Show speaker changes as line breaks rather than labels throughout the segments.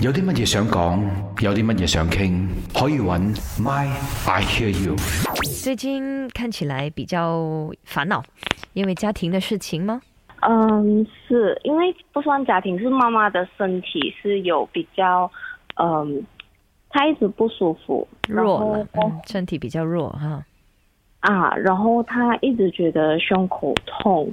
有啲乜嘢想講，有啲乜嘢想傾，可以揾 My I Hear You。最近看起來比較煩惱，因為家庭的事情嗎？嗯，是因為不算家庭，是媽媽的身體是
有比較，嗯，她一直不舒服，弱了、嗯，身體比較弱哈、啊。啊，然後她一直覺得胸口痛。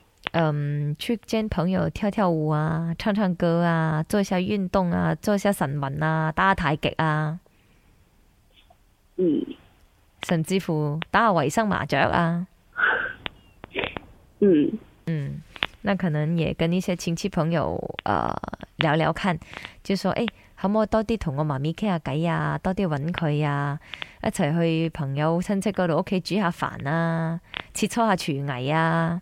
嗯、um，去見朋友跳跳舞啊，唱唱歌啊，做一下運動啊，做一下晨運啊，打下太極啊，嗯，甚至乎打下衛生麻雀啊，嗯嗯，那可能也跟一些親戚朋友誒、呃、聊聊看，就說誒可唔可以多啲同我媽咪傾下偈啊，多啲搵佢啊，一齊去朋友親戚嗰度屋企煮下飯啊，切磋下廚藝啊。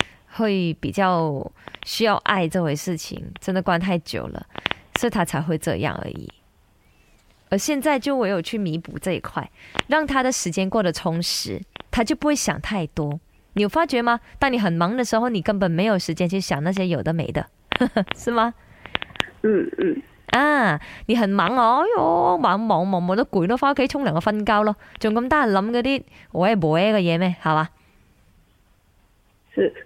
會比較需要愛這回事情，真的關太久了，所以他才會這樣而已。而現在就唯有去彌補這一塊，讓他的時間過得充實，他就不會想太多。你有發覺嗎？當你很忙的時候，你根本沒有時間去想那些有的沒的， 是嗎？嗯嗯啊，你很忙哦，哎呦，忙忙忙忙的，都鬼都翻屋企沖兩個瞓覺咯，仲咁多諗嗰啲我誒無誒嘅嘢咩？好吧。是。